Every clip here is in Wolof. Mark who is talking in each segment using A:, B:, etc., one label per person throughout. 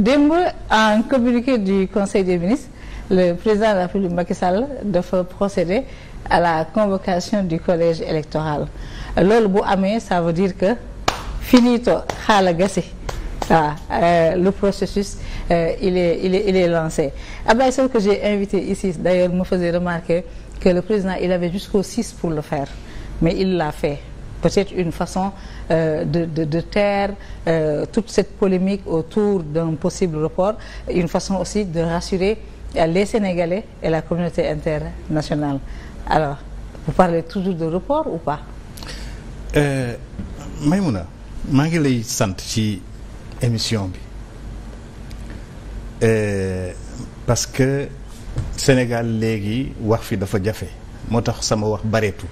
A: démb en communiqué du conseil des ministres le président de la République Macky Sall dafa procéder à la convocation du collège électoral loolu bu amee ça veut dire que finito xaala gasi waaw euh, le processus euh, il est il est il est lancé Ablaye Sow que j'ai invité ici d'ailleurs me faisait remarquer que le président il avait jusqu'au 6 pour le faire mais il l'a fait peut-être une façon euh, de de de taire euh, toute cette polémique autour d'un possible report une façon aussi de rassurer euh, les Sénégalais et la communauté internationale alors vous parlez toujours de report ou pas.
B: Euh, Maïmouna maa ngi lay sant ci émission bi euh, parce que Sénégal léegi wax fi dafa jafe moo tax sama wax bareetu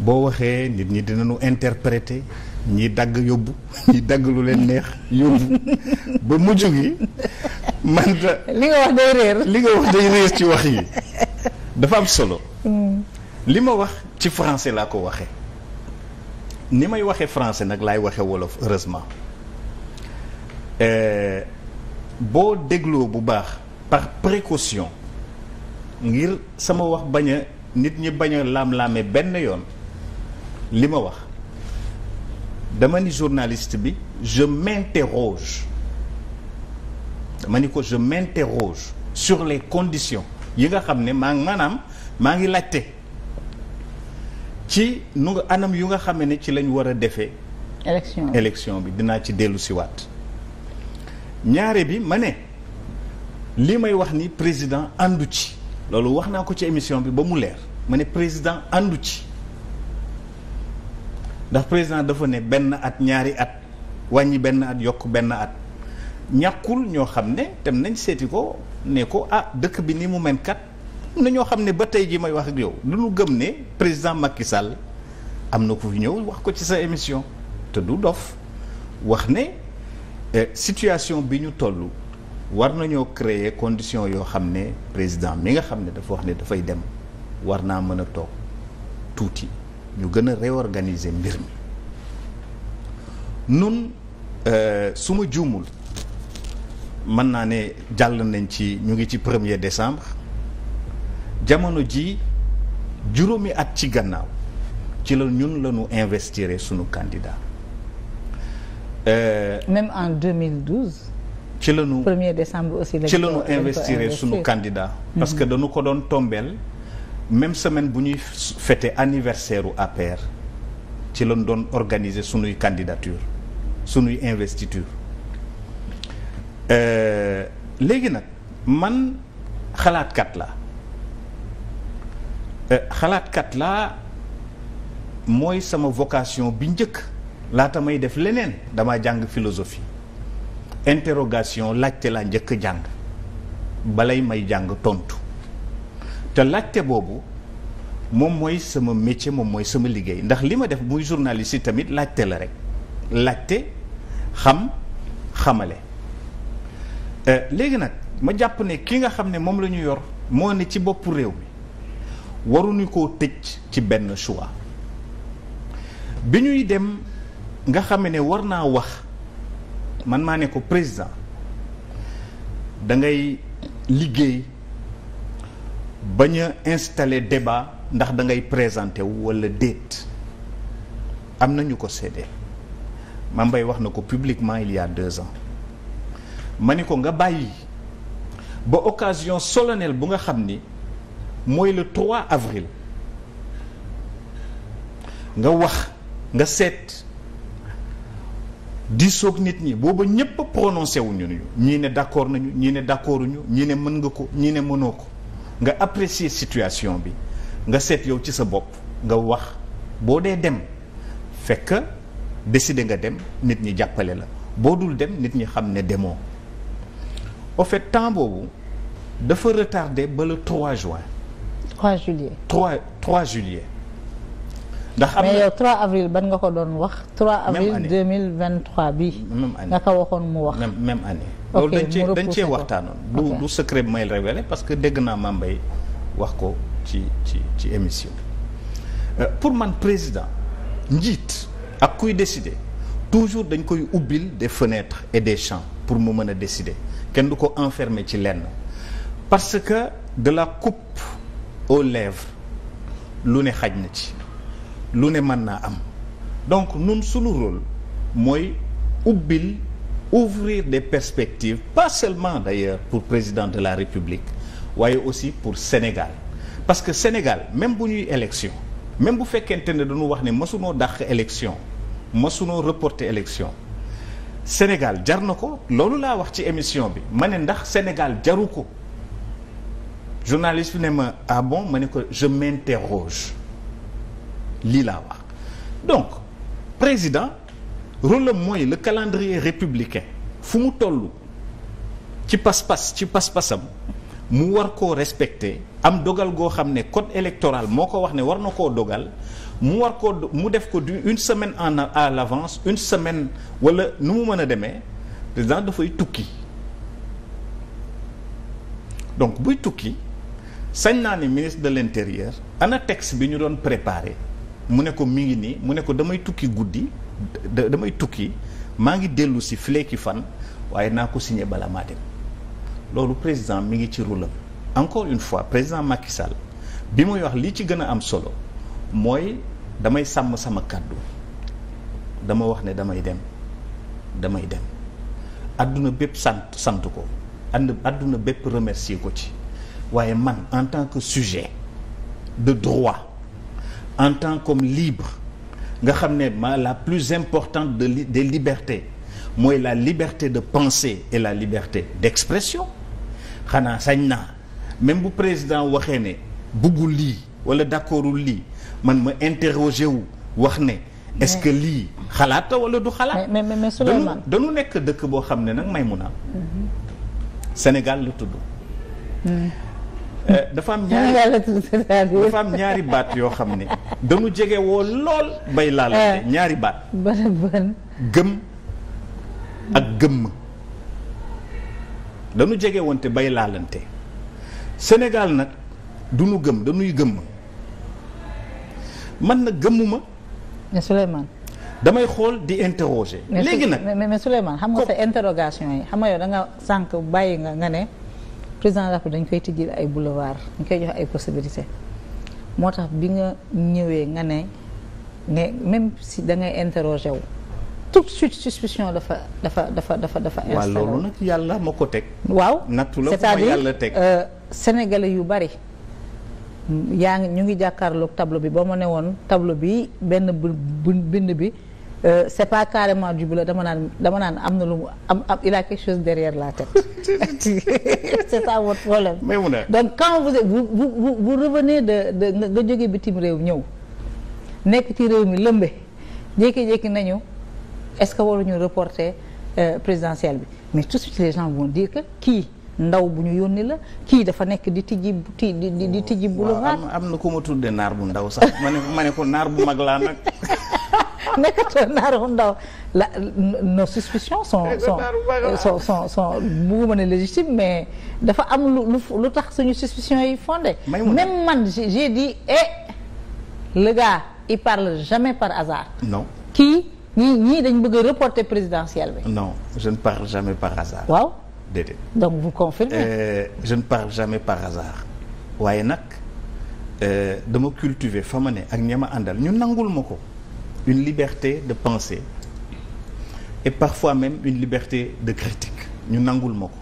B: boo waxee nit ñi dinañu interpréter ñi dagg yóbbu ñi dagg lu leen neex yóbbu ba mujj gi man. li nga wax day réer. ci wax yi dafa am solo. Hmm. li ma wax ci français laa ko waxee ni may waxee français nag laay waxee wolof heureusement euh, boo dégloo bu baax par précaution ngir sama wax bañ a nit ñi bañ a laam-laame benn yoon. li ma wax dama ni journaliste bi je m'interroge dama ni ko je m'interroge sur les conditions yi nga xam ne maa maanaam maa ngi laajte ci nu nga anam yu nga xam ne ci lañ war a defee élection élection bi dinaa ci dellu si ñaare bi ma ne li may wax ni président àndu ci loolu wax naa ko ci émission bi ba mu leer ma ne président àndu ci ndax président dafa ne benn at ñaari at wàññi benn at yokk benn at ñàkkul ñoo xam ne tam nañ seeti ko ne ko ah dëkk bi ni mu mel kat na ñoo xam ne ba tey ji may wax ak yow lu ñu gëm ne président Macky Sall am na ko fi ñëw wax ko ci sa émission te du dof wax ne eh, situation bi ñu toll war nañoo créer condition yoo xam ne président mi nga xam ne dafa wax ne dafay dem war naa mën a toog tuuti ñu gën a réorganiser mbir mi nun euh, su ma juumul mën naa ne jàll nañ ci ñu ngi ci premier décembre jamono ji juróomi at ci gannaaw ci la ñun la ñu investir sunu candidat. Euh,
A: même en 2012. ci la ñu décembre aussi la investir sunu
B: candidat. parce que mhm. dañu ko doon tombeel même semaine bu ñuy fêté anniversaire u APR ci lan doon organiser sunuy candidature sunuy investiture euh, léegi nag man xalaatkat la euh, xalaatkat la mooy sama vocation bi njëkk laata may def leneen dama jàng philosophie interrogation laajte laa njëkk jàng balay may jàng tontu te lajte boobu moom mooy sama métier moom mooy sama liggéey ndax li ma def muy journaliste yi tamit laajte la rek laajte xam xamale euh, léegi nag ma jàpp ne ki nga xam ne moom la ñu yor moo ne ci boppu réew mi waruñu koo tëj ci benn choix bi ñuy dem nga xam ne war naa wax man maa ne ko président da ngay liggéey bañ a installer débat ndax dangay ngay présenter wu wala déet am na ñu ko séddee Mame Mbaye wax na ko publiquement il y a ans ma ni ko nga bàyyi ba occasion solennelle bu nga xam ni mooy le trois avril nga wax nga seet di soog nit ñi booba ñépp prononcé wuñu ñu ñii ne d'accord nañu ñii ne d'accorduñu ñii ne mën nga ko ñii ne mënoo ko nga apprécier situation bi nga seet yow ci sa bopp nga wax boo dee dem fekk décider nga dem nit ñi jàppale la boo dul dem nit ñi xam ne demoo au fait temps boobu dafa retardé ba le trois juin.
A: 3 juillet 3 3 juillet. ndax am na mais yow 3 avril ban nga ko doon wax. 3 avril 2023 bi. même année nga ko waxoon mu wax. même même
B: année. loolu dañ cee dañ cee waxtaanoon. du du secret bi may révéler parce que dégg naa Mame Mbaye wax ko ci ci ci émission euh, pour man président njiit ak kuy décider toujours dañ koy ubbil des fenêtres et des champs pour mu mën a décider kenn du ko enfermer ci lenn parce que de la coupe aux lèvres lu ne xaj na ci lu ne mën naa am donc nun sunu rôle mooy ubbil. ouvrir des perspectives pas seulement d'ailleurs pour président de la République waaye aussi pour Sénégal parce que Sénégal même bu ñuy élection même bu fekkente ne dañu wax ne mësunoo dàq élection mësunoo reporter élection Sénégal jar na ko loolu laa wax ci émission bi ma ne ndax Sénégal jaru ko journaliste bi ne ma ah bon ma ne ko je m'interroge lii laa wax donc président rôle mooy la calendrier républicain fu mu toll ci pas-pas ci pas-pasam mu war koo respecter am dogal goo xam ne code électoral moo ko wax ne war na koo dogal mu war koo mu def ko une semaine en à l'avance une semaine wala nu mu mën a demee président dafay tukki donc buy tukki sañ naa ni ministre de l'intérieur ana texte bi ñu doon préparer mu ne ko mi ngi nii mu ne ko damay tukki guddi damay tukki maa ngi dellu si fileeki fan waaye naa ko signé bala maa dem loolu président mi ngi ci rôle encore une fois président Macky Sall bi muy wax li ci gën a am solo mooy damay sàmm sama kàddu dama wax ne damay dem damay dem àdduna bépp sant sant ko ànd àdduna bépp remercier ko ci waaye man en tant que sujet de droit en tant comme libre nga xam ne ma la plus importante de li des libertés mooy la liberté de penser et la liberté d'expression xanaa sañ naa même bu président waxee ne buggul lii wala d'accordul lii man ma interroger wu wax ne est-ce que lii xalaata wala du xalaat
A: mais mais
B: nekk dëkk boo xam ne nag may mun a Sénégal la tudd mm. Eh, dafa am ñaari dafa am ñaari baat yoo xam ni dañu jege woon lool bay laalante eh. ñaari baat gëm ak gëmm dañu jege woon te bay laalante Sénégal nag du nu gëm dañuy gëmm man na gëmmuma mais Souleymane damay xool di interroger léegi
A: nag mais mais Souleymane xam nga sa interrogation yi xam nga yow da nga sànq bàyyi nga nga ne président de la dañ koy tijjil ay boulevard ñu koy jox ay possibilité moo tax bi nga ñëwee nga ne nga même si da ngay interroger wu tout de suite suspicion dafa dafa dafa dafa dafa installé
B: yàlla moo ko teg waaw nattu la cest à yàlla teg
A: euh, sénégalais yu bari yaa ngi ñu ngi jàkkaarlook tableau bi ba ma ne woon tableau bi benn bind bi Euh, c'est pas carrément du boulot dama naan dama naan am na lu mu am am il a quelque chose derrière la tête c'est ça votre problème donc quand vous vous vous, vous revenez de nga jógee bitim réew ñëw nekk ci réew mi lëmbe jékki-jékki nañu est-ce que waruñu reporter euh, bi mais tout de suite les gens kii ndaw bu ñu yónni la kii dafa nekk di tijji ti di di tijji boulevard
B: am na ko ma tudde naar bu ndaw sax ma ne ma ne ko naar bu mag laa nag
A: nekkatoo naaru ndaw la nos suspicions sont euh, sont sont sont sont bugguma ne légitimes mais dafa am lu lu tax suñu suspicions yi fondé même man j'ai dit eh le gars il parle jamais par hasard non kii ñii ñii dañ bëgg a reporter présidentielle bi
B: non je ne parle jamais par hasard waaw déedéet donc vous confirmez euh, je ne parle jamais par hasard waaye nag euh, dama cultiver fa ma ne ak ña ma àndal ñu nangul ma ko une liberté de pensée et parfois même une liberté de critique ñu nangul ma ko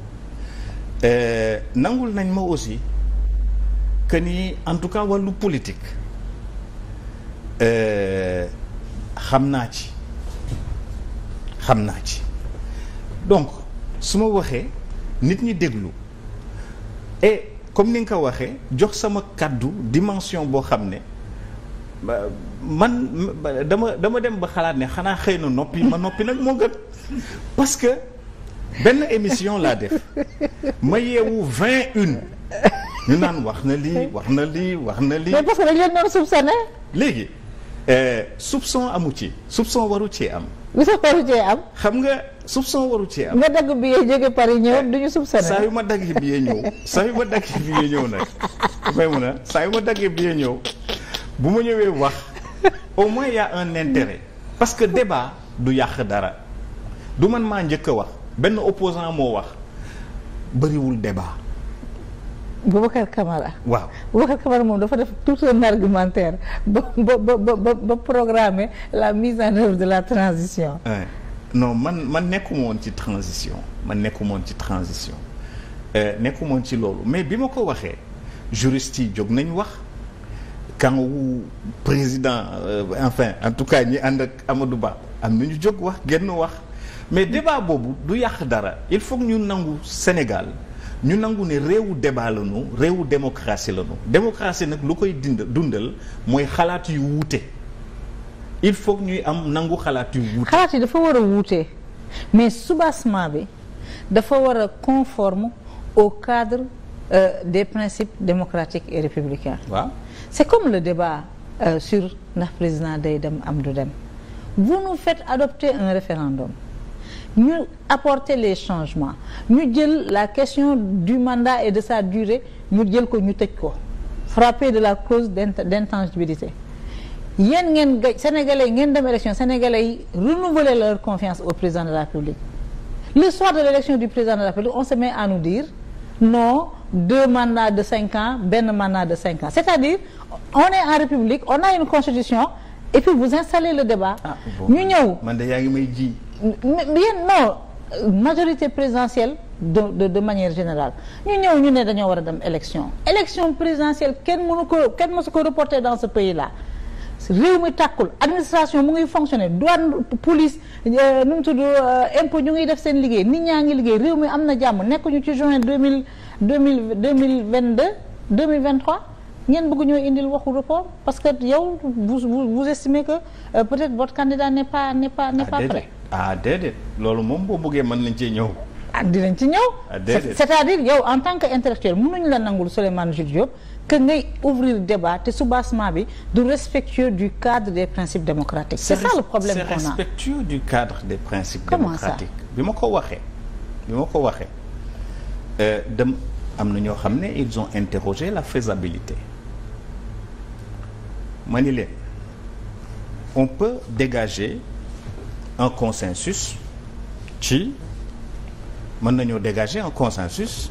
B: euh, nangul nañ ma aussi que ni en tout cas wàllu politique euh, xam naa ci xam naa ci donc su ma waxee nit ñi déglu et comme ni nga ko waxee jox sama kàddu dimension boo xam ne man dama dama dem ba xalaat ne xanaa xëy na noppi ma noppi nag moo gën parce que benn émission laa def ma yeewu vingt une ñu naan wax na lii wax na lii wax na lii. mais parce que dañ
A: leen doon soupçonné.
B: léegi euh, soupçon amu ci soupçon waru ci am. lu sax waru cee am. xam nga soupçon waru cee am.
A: dagg bi yee jóge
B: Paris ñëw du ñu soupçonné. saa yu ma daggee bi yee ñëw saa yu ma daggee bi yee ñëw nag may mun a saa yu ma daggee bi yee ñëw. bu ma ñëwee wax au moins y a un intérêt parce que débat du yàq dara du man maa njëkk a wax benn opposant moo wax bëriwul débat.
A: Boubacar Camara. waaw Boubacar Camara moom dafa def tout un argumentaire ba ba ba ba ba la mise en œuvre de la transition.
B: Ouais. non man man nekkuma woon ci transition man nekku moon ci transition euh, nekku moon ci loolu mais bi ma ko waxee juriste yi jóg nañ wax. kan wu président euh, enfin en tout cas ñi ànd ak Amadou baax am na ñu jóg wax genn wax mais débat boobu du yàq dara il faut ñu nangu Sénégal ñu nangu ne réewu débat la réewu démocratie la ñu démocratie nag lu koy dind dundal mooy xalaat yu wuute il faut ñuy am nangu xalaat yu wuute.
A: xalaat yi dafa war a wuute mais soubassement bi dafa war a conforme au cadre euh, des principes démocratiques et c'est comme le débat euh, sur ndax président day dem am du dem vous nous faites adopter un référendum ñu apporter les changements ñu jël la question du mandat et de sa durée ñu jël ko ñu tëj ko frappé de la clause d'intangibilité yéen ngeen gaj sénégalais ngeen dem élection sénégalais yi renouveler leur confiance au président de la République le soir de l'élection du président de la République on se à nous dire non deux mandats de cinq ans benn mandat de cinq ans c'est-à-dire on est en république on a une constitution et vous installez le débat. Ah,
B: ñu ñëw man de yaa ngi may ji.
A: yéen non majorité présidentielle de de de manière générale ñu ñëw ñu ne dañoo war a dem élection élection présidentielle kenn mënu ko kenn mësu ko reporter dans ce pays là. réew mi tàkkul administration mu ngi fonctionner douane police euh, nu mu tudd euh, impôt ñu ngi def seen liggéey nit ñaa ngi liggéey réew mi am na jàmm nekkuñu ci juin deux mille deux mille deux mille vingt deux deux mille vingt trois ngeen bëgg ñoo indil waxu report parce que yow vous vous estimez que euh, peut-être votre candidat n'est pas n'est pas n'est ah, pas prêt.
B: ah déedéet loolu moom boo bëggee mën nañ cee ñëw. di
A: ah, dinañ ci ñëw. Ah, c'est-à-dire yow en tant que intellectuel mënuñ la nangul Souleymane que ngay ouvrir débat te soubassement bi du respectueux du cadre des principes démocratiques. c'est ça le problème qu'on a
B: c'est du cadre des principes Comment démocratiques. bi ma ko waxee bi ma ko waxee euh, dem am na ñoo xam ne ils ont interrogé la faisabilité ma ni leen on peut dégager un consensus ci mën nañoo dégager un consensus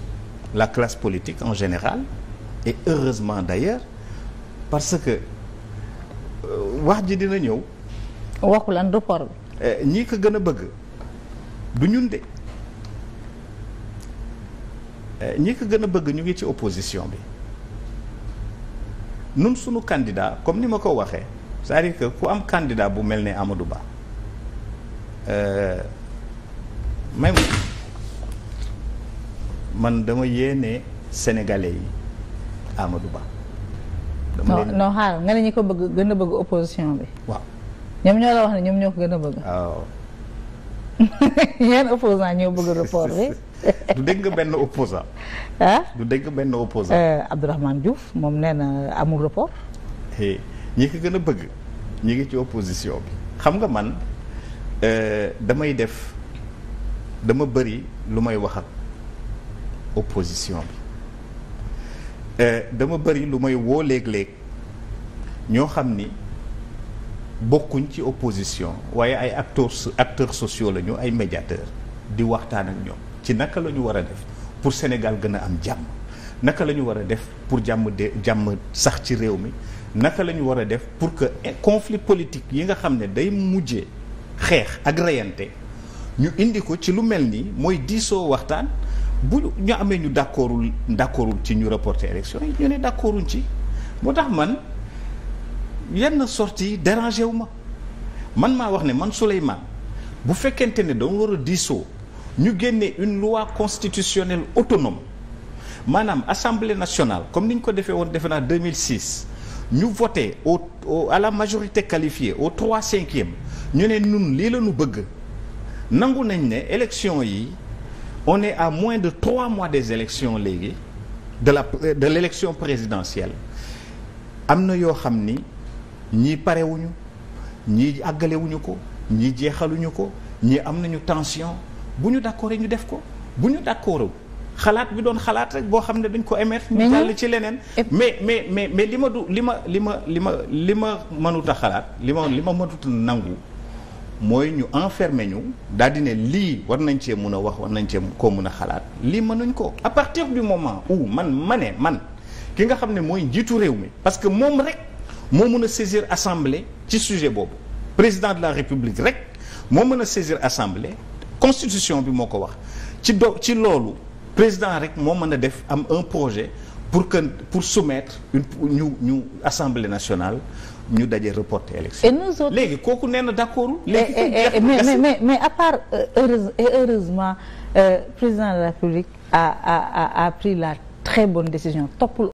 B: la classe politique en général. et heureusement d'ailleurs parce que euh, wax ji dina ñëw. waxu lan report bi. Eh, ñii ko gën a bëgg du ñun de eh, ñii ko gën a bëgg ñu ngi ci opposition bi nun sunu candidat comme ni ma ko waxee c'est-à-dire que ku am candidat bu mel ne Amadou Ba euh, may man dama yéene sénégalais yi. Amadou Ba.
A: dama leen non nga ne ñi ko bëgg gën a bëgg opposition bi. waaw ñoom ñoo la wax ne ñoom ñoo ko gën a bëgg. bëgg report bi.
B: du dégg nga benn opposant ah du dégg nga benn opposant euh,
A: Abdourahmane Diouf moom nee na amul report.
B: Eh, ñi ko gën a bëgg ñu ngi ci opposition bi xam nga man euh, damay def dama bari lu may wax ak opposition bi. Euh, dama bëri lu may woo léeg-léeg ñoo xam ni bokkuñ ci opposition waaye ay acteurs acteurs sociaux la ñu ay médiateurs di waxtaan ak ñoom ci naka lañu ñu war a def pour Sénégal gën a am jàmm naka la ñu war a def pour jàmm de jàmm sax ci réew mi naka la ñu war a def pour que conflit politique yi nga xam ne day mujje xeex ak reyante ñu indi ko ci lu mel ni mooy diisoo waxtaan bu ñu amee ñu d'accordul d'accordul ci ñu reporter élection yi ñu ne d'accorduñ ci moo tax man yenn sortie dérangé wu ma man maa wax ne man Souleymane bu fekkente ne dañu war a diisoo ñu génne une loi constitutionnelle autonome maanaam assemblée nationale comme ni ñu ko defee woon defe naa 2006 ñu voté au, au à la majorité qualifiée au trois cinquième ñu ne ñun lii la ñu bëgg nangu nañ ne élection yi. on ne à moins de trois mois des élections léegi de la de l'élection présidentielle am na yoo xam ni ñii parewuñu ñii àggalewuñu ko ñii jeexaluñu ko ñii am nañu tension bu ñu d'accord ñu def ko bu ñu d'accord xalaat bi doon xalaat rek boo xam ne dañ ko émettre ñu jàll ci leneen mais mais mais mais li ma du li ma li ma li ma li ma mënut a xalaat li ma li ma mënut a nangu mooy ñu enfermer ñu daal di ne lii war nañ cee mun a wax war nañ cee koo mun a xalaat lii mënuñ ko à partir du moment où man ma ne man ki nga xam ne mooy njiitu réew mi parce que moom rek moo mun a saisir assemblée ci sujet boobu président la république rek moo mën a saisir assemblée constitution bi moo ko wax ci do ci loolu président rek moo mën a def am un projet pour que pour soumettre une ñu ñu assemblée nationale ñu daje reporter élection. et nous autres léegi kooku nee na d' accord. léegi mais mais
A: mais à part euh, heureuse et heureusement euh, président de la République a a a pris la très bonne décision toppul.